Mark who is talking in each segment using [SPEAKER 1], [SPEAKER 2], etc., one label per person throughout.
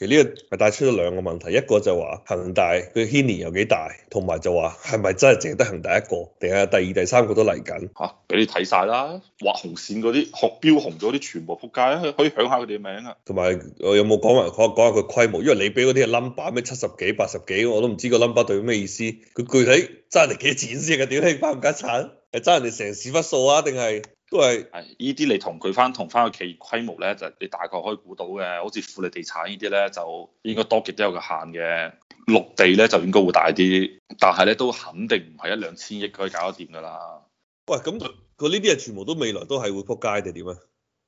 [SPEAKER 1] 其實呢個咪帶出咗兩個問題，一個就話恒大佢牽連有幾大，同埋就話係咪真係淨係得恒大一個，定係第二、第三個都嚟緊嚇？
[SPEAKER 2] 俾你睇曬啦，
[SPEAKER 1] 畫紅線嗰啲，學紅標紅
[SPEAKER 2] 咗啲全部撲街，可以響下佢哋嘅名啊！
[SPEAKER 1] 同埋我有冇講埋講講下佢規模？因為你俾嗰啲嘅 number 咩七十幾、八十幾，我都唔知個 number 代表咩意思。佢具體爭嚟幾錢先㗎？屌你把唔解產，係爭人哋成屎忽數啊？定係？都係，係
[SPEAKER 2] 呢啲你同佢翻同翻個企業規模咧，就你大概可以估到嘅。好似富力地產呢啲咧，就應該多極都有個限嘅。綠地咧就應該會大啲，但係咧都肯定唔係一兩千億可以搞得掂噶啦。
[SPEAKER 1] 喂，咁佢呢啲嘢全部都未來都係會撲街定點啊？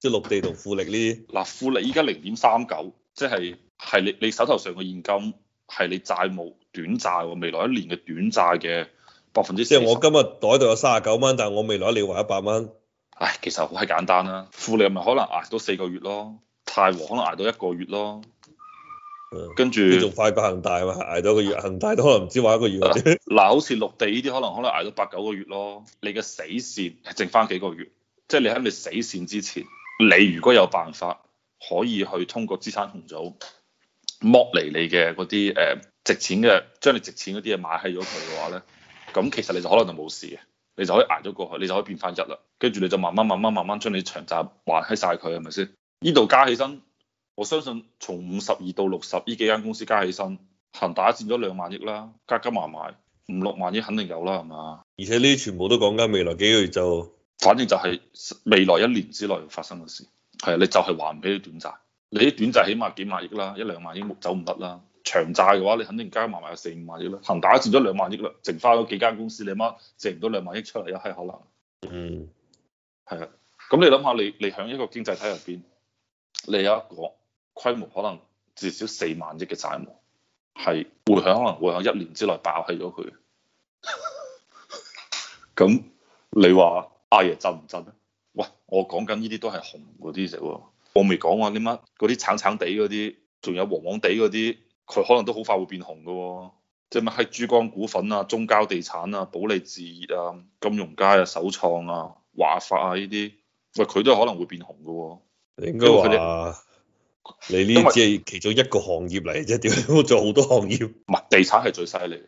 [SPEAKER 1] 即係綠地同富力呢？嗱、啊，富力依家零點三九，
[SPEAKER 2] 即係係你你手頭上嘅現金，係你債務短債喎，未來一年嘅短債嘅
[SPEAKER 1] 百分之。即係我今日袋度有三十九蚊，但係我未來要還一百蚊。唉，其實
[SPEAKER 2] 好係簡單啦，富力咪可能挨到四個月咯，泰禾可能挨到一個月咯，
[SPEAKER 1] 跟住你仲快過恒大嘛，挨到一個月，恒，嗯，恒大都可能唔知玩一個月或者，嗱，好似
[SPEAKER 2] 綠地呢啲可能可能挨到八九個月咯，你嘅死線淨翻幾個月，即係你喺你死線之前，你如果有辦法可以去通過資產重組剝離你嘅嗰啲誒值錢嘅，將你值錢嗰啲嘢賣起咗佢嘅話咧，咁其實你就可能就冇事嘅。你就可以捱咗過去，你就可以變翻一啦，跟住你就慢慢慢慢慢慢將你長債還喺晒佢，係咪先？呢度加起身，我相信從五十二到六十呢幾間公司加起身，行打佔咗兩萬億啦，加加埋埋五六萬億肯定有啦，係嘛？
[SPEAKER 1] 而且呢啲全部都講緊未來幾個月就，反正就係未
[SPEAKER 2] 來一年之內發生嘅事。係啊，你就係還唔起啲短債，你啲短債起碼幾萬億啦，一兩萬億走唔甩啦。長債嘅話，你肯定加埋埋有四五萬億啦。恆大借咗兩萬億啦，剩翻嗰幾間公司，你媽剩唔到兩萬億出嚟又係可能嗯。嗯。係啊。咁你諗下，你你喺一個經濟體入邊，你有一個規模可能至少四萬億嘅債務，係會係可能會喺一年之內爆起咗佢。咁、 嗯、你話阿爺震唔震咧？喂，我講緊呢啲都係紅嗰啲嘢喎，我未講啊！你媽嗰啲橙橙地嗰啲，仲有黃黃地嗰啲。佢可能都好快會變紅㗎喎、哦，即係乜喺珠江股份啊、中交地產啊、保利置業啊、金融街啊、首創啊、華發啊呢啲，喂佢都可能會變紅㗎喎、
[SPEAKER 1] 哦。你應該話為你
[SPEAKER 2] 呢啲，只係其中一個
[SPEAKER 1] 行業嚟啫，點解為做好多行業？物地
[SPEAKER 2] 產係最犀利嘅，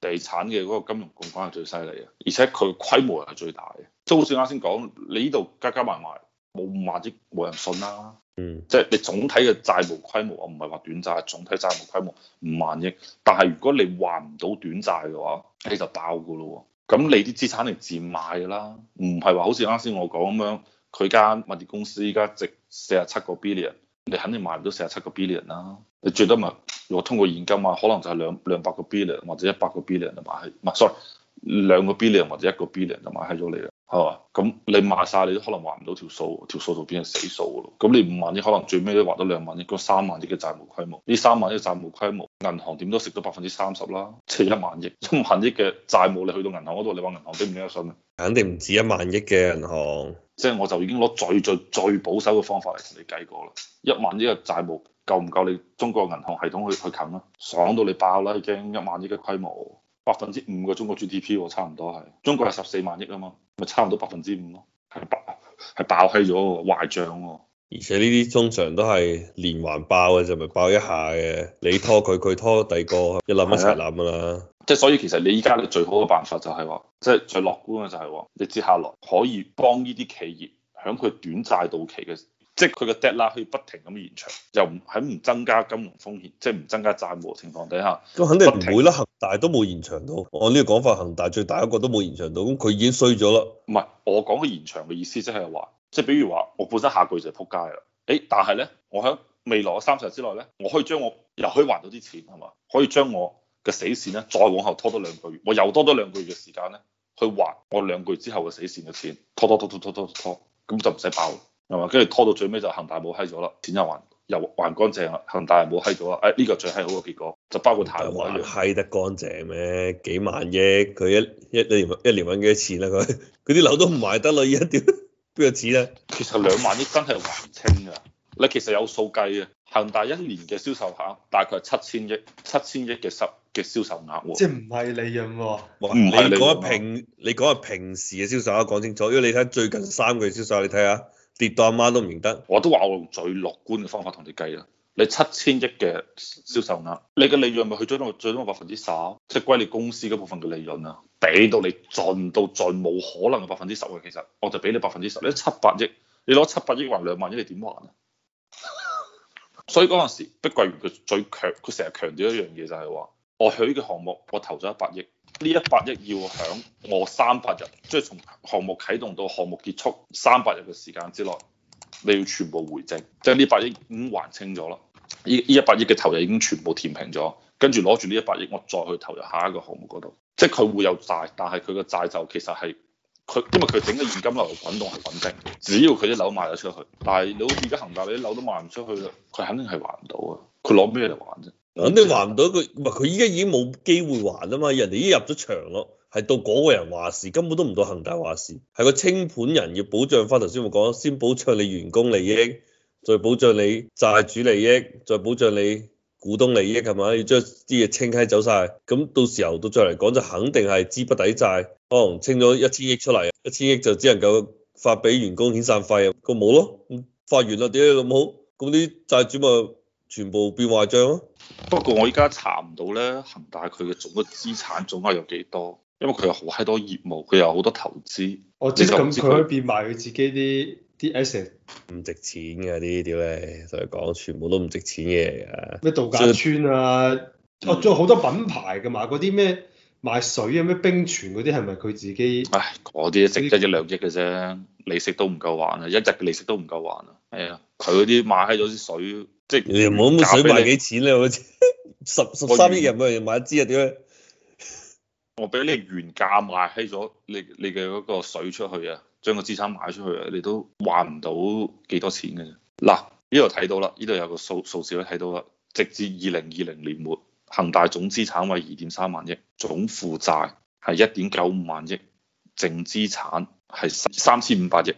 [SPEAKER 2] 地產嘅嗰個金融槓桿係最犀利嘅，而且佢規模係最大嘅，即好似啱先講，你呢度加加埋埋。冇五萬億冇人信啦、啊，嗯，即係你總體嘅債務規模，我唔係話短債，總體債務規模五萬億，但係如果你還唔到短債嘅話，你就爆噶咯，咁你啲資產嚟賤賣噶啦，唔係話好似啱先我講咁樣，佢間物業公司依家值四十七個 billion，你肯定買唔到四十七個 billion 啦、啊，你最多咪如果通過現金啊，可能就係兩兩百個 billion 或者一百個 billion 就買起，唔係 sorry，兩個 billion 或者一個 billion 就買起咗你啦。係咁你賣晒，你都可能還唔到條數，條數就變成死數咯。咁你五萬億，可能最尾都還到兩萬億，嗰三萬億嘅債務規模，呢三萬億債務規模，銀行點都食到百分之三十啦，即係一萬億，一萬億嘅債務你去到銀行，我都話你話銀行俾唔俾得信啊？肯定唔止一萬億
[SPEAKER 1] 嘅銀行，
[SPEAKER 2] 即係我就已經攞最最最最保守嘅方法嚟同你計過啦。一萬億嘅債務夠唔夠你中國銀行系統去去啃啊？爽到你爆啦，已經一萬億嘅規模。百分之五嘅中國 GDP 喎，差唔多係。中國係十四萬億啊嘛，咪差唔多百分之五咯。係爆，係爆
[SPEAKER 1] 起咗，壞帳喎、啊。而且呢啲通常都係連環爆嘅就咪爆一下嘅，你拖佢，佢拖第個， 一諗一齊諗噶啦。即係、啊
[SPEAKER 2] 就係、所以其實你依家嘅最好嘅辦法就係話，即、就、係、係、最樂觀嘅就係話，你接下來可以幫呢啲企業喺佢短債到期嘅。即係佢個 debt 啦，可以不停咁延長，又唔喺唔增加金融
[SPEAKER 1] 風險，即係唔增加債務情況底下，咁肯定唔會啦。恒停大都冇延長到。按呢個講法，恒大最大一個都冇延長到，咁佢已經衰咗啦。唔係，我講嘅延長嘅意思即係話，
[SPEAKER 2] 即係比如話，我本身下個月就係撲街啦。誒、欸，但係咧，我喺未來嗰三十日之內咧，我可以將我又可以還到啲錢係嘛？可以將我嘅死線咧再往後拖多兩個月，我又多咗兩個月嘅時間咧，去還我兩個月之後嘅死線嘅錢，拖多拖多拖多拖拖拖拖，咁就唔使爆。係嘛？跟住拖到最尾就恒大冇閪咗啦，錢又還又還乾淨啦，恒大冇閪咗
[SPEAKER 1] 啦。誒、哎、呢、這個最閪好嘅結果，就包括貸款。閪得乾淨咩？幾萬億佢一一年一年揾幾多錢啦？佢啲樓都唔賣得啦，而家屌邊個賠咧？其實兩萬億真係還清㗎。你其實有數計嘅，恒大一年嘅銷,銷售額大概係七千
[SPEAKER 2] 億，七千億嘅十嘅銷售額喎。即係
[SPEAKER 1] 唔係利潤喎？你講平，你講下平時嘅銷售額講清楚，因為你睇最近三個月銷售，你睇下。跌到阿媽，媽都唔認得，我都話我用最樂觀嘅方法同你計啦。你七千億嘅
[SPEAKER 2] 銷售額，你嘅利潤咪去咗最最多百分，分、啊、盡到盡到盡百分之十，即係歸你公司嗰部分嘅利潤啊，俾到你盡到盡冇可能嘅百分之十嘅，其實我就俾你百分之十。你七百億，你攞七百億還兩萬億，你點還啊？所以嗰陣時，碧桂園佢最強，佢成日強調一樣嘢就係話，我喺呢個項目，我投咗一百億。呢一百億要響我三百日，即係從項目啟動到項目結束三百日嘅時間之內，你要全部回正，即係呢百億已經還清咗啦。呢呢一百億嘅投入已經全部填平咗，跟住攞住呢一百億，我再去投入下一個項目嗰度。即係佢會有債，但係佢個債就其實係佢，因為佢整個現金流滾動係穩定，只要佢啲樓賣咗出去。但係你好似而家恒大你啲樓都賣唔出去啦，佢肯定係還唔到啊！佢攞咩嚟還啫？咁你
[SPEAKER 1] 還唔到佢，唔係佢依家已經冇機會還啊嘛？人哋已經入咗場咯，係到嗰個人話事，根本都唔到恒大話事，係個清盤人要保障，翻頭先我講，先保障你員工利益，再保障你債主利益，再保障你股東利益係咪？要將啲嘢清閪走晒，咁到時候到再嚟講就肯定係資不抵債，可能清咗一千億出嚟，一千億就只能夠發俾員工遣散費，個冇咯，嗯，發完啦點解咁好？咁啲債主咪？全部變壞賬咯、啊。不過我依家查唔到咧，恒大佢嘅總嘅資產總額有幾多？
[SPEAKER 2] 因為佢有好閪多業務，佢有好多投資。
[SPEAKER 1] 哦，即係咁佢可以變賣佢自己啲啲 asset。唔值錢㗎，啲屌就同你講全部都唔值錢嘅。咩度假村啊？哦以，仲、啊、有好多品牌㗎嘛？嗰啲咩賣水啊？咩冰泉嗰啲係咪佢自己？唉，
[SPEAKER 2] 嗰啲值得一兩億嘅啫，利息都唔夠還啊！一日嘅利息都唔夠還啊，係啊。佢嗰啲買起咗啲水，即係冇咁水賣幾
[SPEAKER 1] 錢咧？ 十十三億人去買一支啊？點樣？我俾你
[SPEAKER 2] 原價買起咗你你嘅嗰個水出去啊，將個資產賣出去啊，你都還唔到幾多錢嘅啫。嗱，呢度睇到啦，呢度有個數數字都睇到啦。直至二零二零年末，恒大總資產為二點三萬億，總負債係一點九五萬億，淨資產係三千五百億。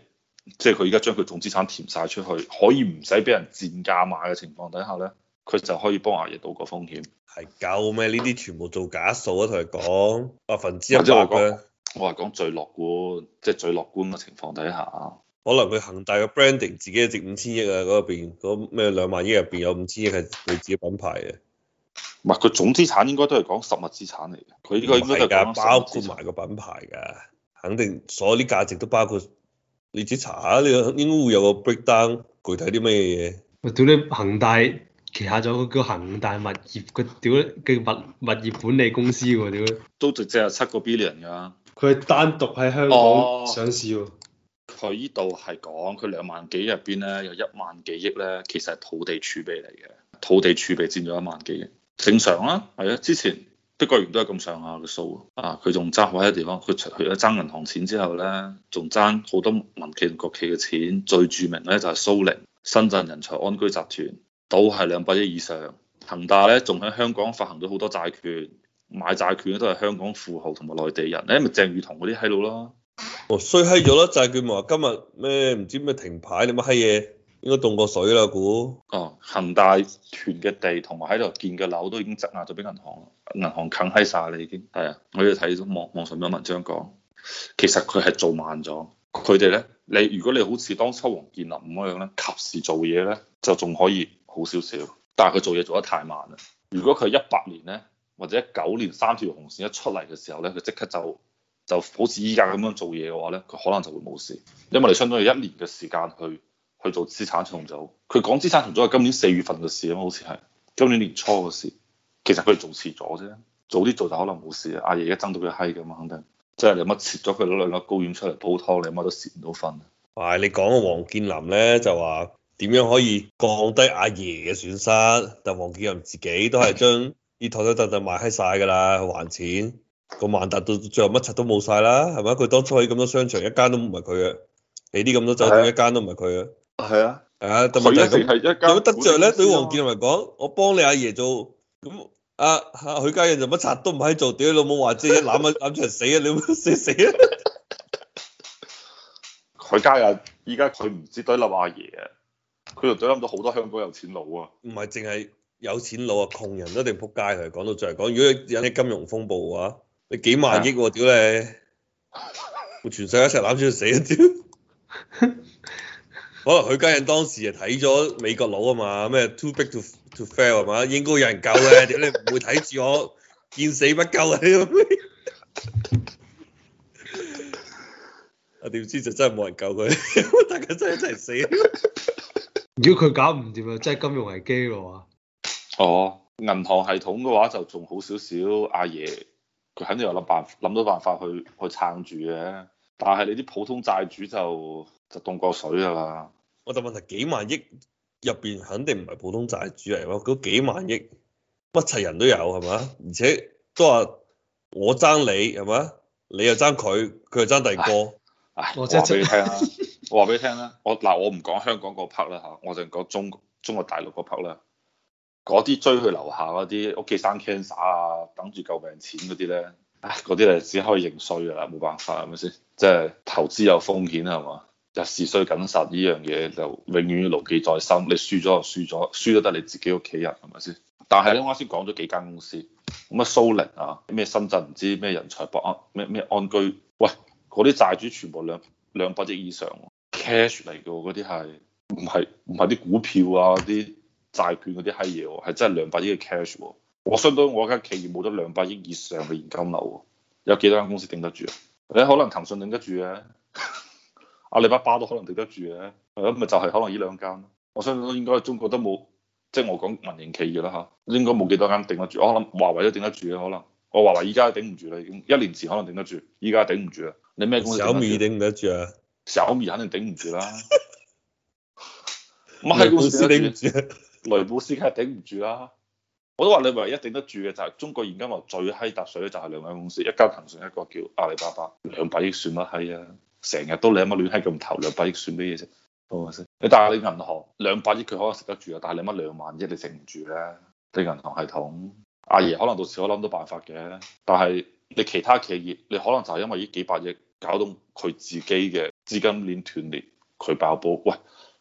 [SPEAKER 2] 即係佢而家將佢總資產填晒出去，可以唔使俾人賤價買嘅情況底下咧，佢就可以
[SPEAKER 1] 幫阿爺到個風險。係夠咩？呢啲全部做假數啊！同佢講百分之一百
[SPEAKER 2] 咧，我係講最樂觀，即係最
[SPEAKER 1] 樂觀嘅情況底下，可能佢恒大嘅 branding 自己值五千億啊！嗰邊嗰咩兩萬億入邊有五千億係佢自己品牌嘅。唔係佢總資產應該都係講實物資產嚟嘅。佢應該係講包括埋個品牌噶，肯定所有啲價值都包括。你自己查下，呢個應該會有個 breakdown，具體啲咩嘢？我屌你恒大旗下咗有個叫恒大物業，佢屌佢物物業管理公司喎，屌都直值有七個 billion 㗎。佢係單獨喺香港
[SPEAKER 2] 上市喎。佢依度係講佢兩萬幾入邊咧，有一萬幾億咧，其實係土地儲備嚟嘅，土地儲備佔咗一萬幾億，正常啦、啊，係啊，之前。碧桂園都係咁上下嘅數，啊佢仲爭好多地方，佢除咗爭銀行錢之後咧，仲爭好多民企同國企嘅錢，最著名咧就係蘇寧、深圳人才安居集團，都係兩百億以上。恒大咧仲喺香港發行咗好多債券，買債券都係香港富豪同埋內地
[SPEAKER 1] 人，咧、欸、咪、就是、鄭裕彤嗰啲閪佬咯。衰閪咗啦！債券咪話今日咩唔知咩停牌，你乜閪嘢？應該凍過水啦，估哦，恒大團嘅地同
[SPEAKER 2] 埋喺度建嘅樓都已經質押咗俾銀行啦，銀行啃喺晒，啦已經，係啊，我哋睇網網上邊文章講，其實佢係做慢咗，佢哋咧，你如果你好似當初王健林咁樣咧，及時做嘢咧，就仲可以好少少，但係佢做嘢做得太慢啦，如果佢係一八年咧，或者一九年三條紅線一出嚟嘅時候咧，佢即刻就就好似依家咁樣做嘢嘅話咧，佢可能就會冇事，因為你相當於一年嘅時間去。去做資產重組，佢講資產重組係今年四月份嘅事啊，嘛好似係今年年初嘅事。其實佢係做遲咗啫，早啲做就可能冇事啊。阿爺而家爭到佢閪㗎嘛，肯
[SPEAKER 1] 定即係、就是、你乜切咗佢攞兩粒睾丸出嚟煲湯，你乜都蝕唔到份。哇、哎！你講個王健林咧就話點樣可以降低阿爺嘅損失，但王健林自己都係將啲台台凳凳賣閪晒㗎啦，還錢個萬達到最後乜柒都冇晒啦，係咪？佢當初起咁多商場一間都唔係佢嘅，你啲咁多酒店的一間都唔係佢嘅。係啊，係啊，同埋以前係一家，有乜得着咧？對王健林講， 我幫你阿爺做，咁阿阿許家印就乜賊都唔肯做，屌你老母，話自己攬啊攬住嚟死啊，你死死啊！許 家印依家佢唔止懟冧阿爺啊，佢仲懟冧到好多香港有錢佬啊！唔係淨係有錢佬啊，窮人都一定扑街。佢講到在講，如果你有啲金融風暴嘅話，你幾萬億喎、啊，屌、啊啊、你，全世界一齊攬住死啊屌！啊 可能許家印當時係睇咗美國佬啊嘛，咩 too big to to fail 喎嘛，應該有人救嘅，點解唔會睇住我見死不救啊？點 知就真係冇人救佢，大 家真係一齊死。如果佢搞唔掂啊，真係金融危機咯喎！哦，
[SPEAKER 2] 銀行系統嘅話就仲好少少，阿爺佢肯定有諗辦諗到辦法去去撐住嘅，但係你啲普通債主就～就凍過水啊嘛！
[SPEAKER 1] 我就問題幾萬億入邊，肯定唔係普通債主嚟咯。嗰幾萬億乜齊人都有係嘛？而且都話我爭你係嘛？你又爭佢，佢又爭第二個。
[SPEAKER 2] 我話俾你聽啦，
[SPEAKER 1] 我話俾你聽、啊、啦。我
[SPEAKER 2] 嗱、啊、我唔講、啊、香港嗰 part 啦嚇，我就講中中國大陸嗰 part 啦。嗰啲追佢樓下嗰啲，屋企生 cancer 啊，等住救命錢嗰啲咧，嗰啲咧只可以認衰噶啦，冇辦法係咪先？即係投資有風險啊係嘛？日事需謹慎，呢樣嘢就永遠要牢記在心。你輸咗就輸咗，輸咗得你自己屋企人係咪先？但係咧，是我啱先講咗幾間公司，咁啊蘇寧啊，咩深圳唔知咩人才博安咩咩安居，喂嗰啲債主全部兩兩百億以上 cash 嚟嘅嗰啲係，唔係唔係啲股票啊啲債券嗰啲閪嘢，係真係兩百億嘅 cash。我相當於我間企業冇咗兩百億以上嘅現金流，有幾多間公司頂得住啊？哎，你可能騰訊頂得住啊。阿里巴巴都可能頂得住嘅，咁咪就係、是、可能呢兩間我相信應該中國都冇，即係我講民營企業啦嚇，應該冇幾多間頂得住。我諗華為都頂得住嘅可能，我華為依家頂唔住啦，已經一年前可能頂得住，依家頂唔住，住，住啊。你咩公司？小米頂唔住啊，小米肯定頂唔住啦。乜公司雷布斯梗係頂唔住啦，我都話你唯一頂得住嘅，就係、是、中國現今嚟最閪揼水咧，就係兩間公司，一家騰訊，一個叫阿里巴巴，巴，兩百億算乜閪啊？成日都你乜亂閪咁投兩百億算咩嘢啫？係咪先？你但係你銀行兩百億佢可能食得住啊，但係你乜兩萬億你食唔住咧？你銀行系統，阿爺可能到時我諗到辦法嘅，但係你其他企業你可能就係因為呢幾百億搞到佢自己嘅資金鏈斷裂，佢爆煲。喂，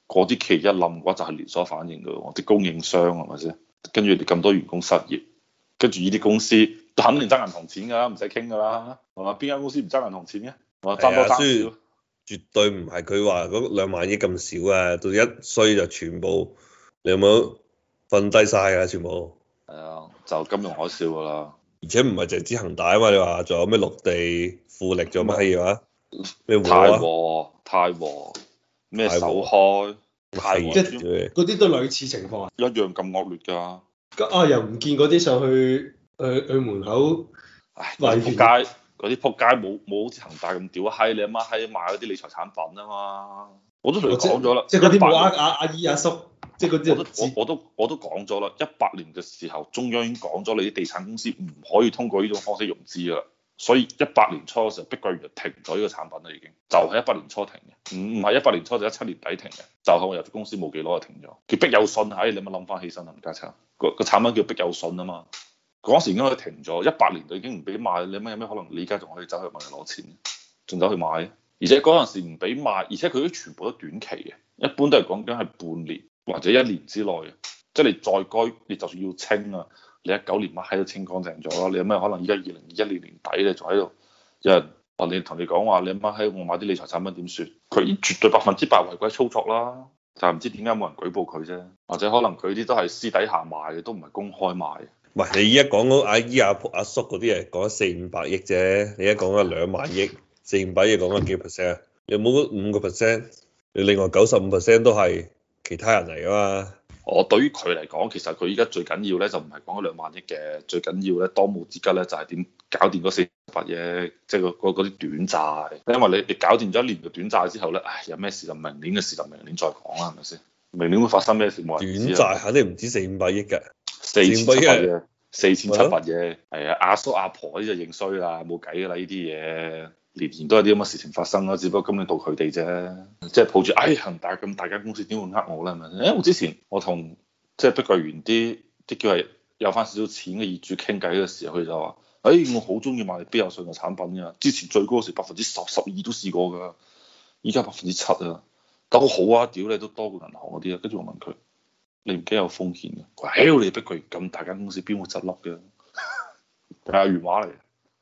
[SPEAKER 2] 嗰啲企業一冧嘅話就係連鎖反應嘅喎，啲供應商係咪先？跟住你咁多員工失業，跟住呢啲公司肯定爭銀行錢㗎啦，唔使傾㗎啦，係嘛？邊間公司唔爭銀行錢嘅？
[SPEAKER 1] 我啊，所以絕對唔係佢話嗰兩萬億咁少啊，到一衰就全部你有冇瞓低晒啊，全部係啊，就金融海嘯噶啦，而且唔係淨係恒大啊嘛，你話仲有咩綠地、富力仲有乜嘢嘛？咩泰、嗯和，啊、和、太和咩首開
[SPEAKER 2] 太和嗰啲都類似情況啊，一樣咁惡劣噶、啊，
[SPEAKER 1] 啊又唔見嗰啲上去去、呃、去門口圍住街。嗰啲仆
[SPEAKER 2] 街冇冇好似恒大咁屌閪，你阿媽閪賣嗰啲理財產品啊嘛，
[SPEAKER 1] 我都同佢講咗啦，就年即係嗰啲阿阿
[SPEAKER 2] 阿姨阿叔，即係嗰啲，我都我都我都講咗啦，一八年嘅時候中央已經講咗你啲地產公司唔可以通過呢種方式融資啦，所以一八年初嘅時候碧桂園就停咗呢個產品啦，已經就係一八年初停嘅，唔唔係一八年初就一、是、七年底停嘅，就係我入咗公司冇幾耐就停咗，叫碧有信，嘿、哎，你咪諗翻起身林家齊，個、那個產品叫碧有信啊嘛。嗰時已經可以停咗，一八年就已經唔俾買，你阿媽有咩可能？你而家仲可以走去問人攞錢，仲走去買？而且嗰陣時唔俾買，而且佢都全部都短期嘅，一般都係講緊係半年或者一年之內即係、就是、你再該，你就算要清啊，你一九年乜喺度清乾淨咗咯，你阿媽可能而家二零二一年年底咧，就喺度有人話你同你講話，你阿媽喺我買啲理財產品點算？佢已經絕對百分之百違規操作啦，就係、是、唔知點解冇人舉報佢啫，或者可能佢啲都係私底下賣嘅，都唔係公
[SPEAKER 1] 開賣。唔，你依家講到阿姨阿阿叔嗰啲嘢，講咗四五百億啫。你而家講緊兩萬億，四五百億講緊幾 percent？有冇五個 percent？你另外九十五 percent 都係其他人嚟噶嘛？我對於佢嚟講，其實佢依家最緊要咧，
[SPEAKER 2] 就唔係講咗兩萬億嘅，最緊要咧，當務之急咧，就係、是、點搞掂嗰四百億，即係嗰啲短債。因為你你搞掂咗一年嘅短債之後咧，唉，有咩事就明年嘅事就明年再講啦，係咪先？明年會發生咩事冇人知。短債肯定唔止四五百億嘅。四千七百嘢，四千七百嘢，係吧啊，阿叔阿婆呢就認衰啦，冇計噶啦呢啲嘢，年年都係啲咁嘅事情發生啦，只不過今年到佢哋啫，即係抱住、哎呀，哎，恒大咁大間公司點會呃我咧？係咪先？我之前我同即係碧桂園啲即叫係有翻少少錢嘅業主傾偈嘅時候，佢就話，誒、哎，我好中意買碧有信嘅產品㗎，之前最高嗰時百分之十十二都試過㗎，依家百分之七啊，咁好啊，屌你都多過銀行嗰啲啊，跟住我問佢。你唔驚有風險嘅？佢話妖，你逼佢咁大間公司邊會執笠嘅？係啊， 原話嚟。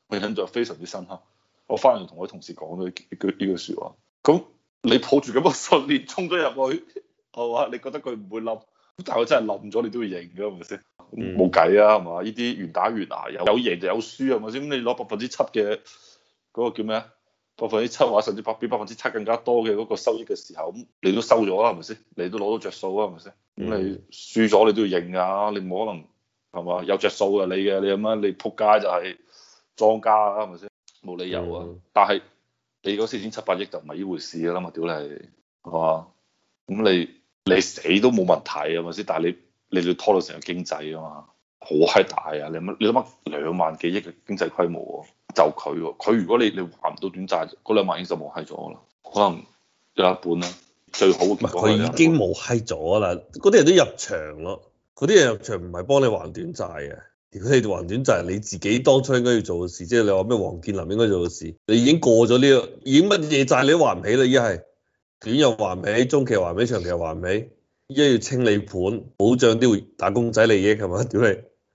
[SPEAKER 2] 我印象非常之深刻。我翻嚟同我同事講咗呢句呢個說話。咁你抱住咁嘅信念衝咗入去，係嘛？你覺得佢唔會冧？但係佢真係冧咗，你都會贏嘅，係咪先？冇計、嗯、啊，係嘛？呢啲越打越鞋，有有贏就有輸，係咪先？咁你攞百分之七嘅嗰個叫咩啊？百分之七，或甚至百比百分之七更加多嘅嗰個收益嘅時候，咁你都收咗啊，係咪先？你都攞到着數啊，係咪先？咁、嗯、你輸咗你都要認噶，你冇可能係嘛？有着數噶你嘅，你咁樣你撲街就係莊家啊，係咪先？冇理由啊，但係你嗰四千七百億就唔係呢回事啦嘛，屌你係嘛？咁你你死都冇問題係咪先？但係你你要拖到成個經濟啊嘛。好嗨大啊！你諗你諗兩萬幾億嘅經濟規模喎、啊，就佢喎，佢如果你你還唔到短債，嗰兩萬已經就冇嗨咗啦，可能有一半啦。最好
[SPEAKER 1] 唔係佢已經冇嗨咗啦，嗰啲人都入場咯，嗰啲人入場唔係幫你還短債嘅，如果你還短債係你自己當初應該要做嘅事，即係你話咩王健林應該做嘅事，你已經過咗呢個，已經乜嘢債你都還唔起啦，依家係短又還唔起，中期還唔起，長期還唔起，依家要清理盤，保障啲打工仔利益係嘛，屌你！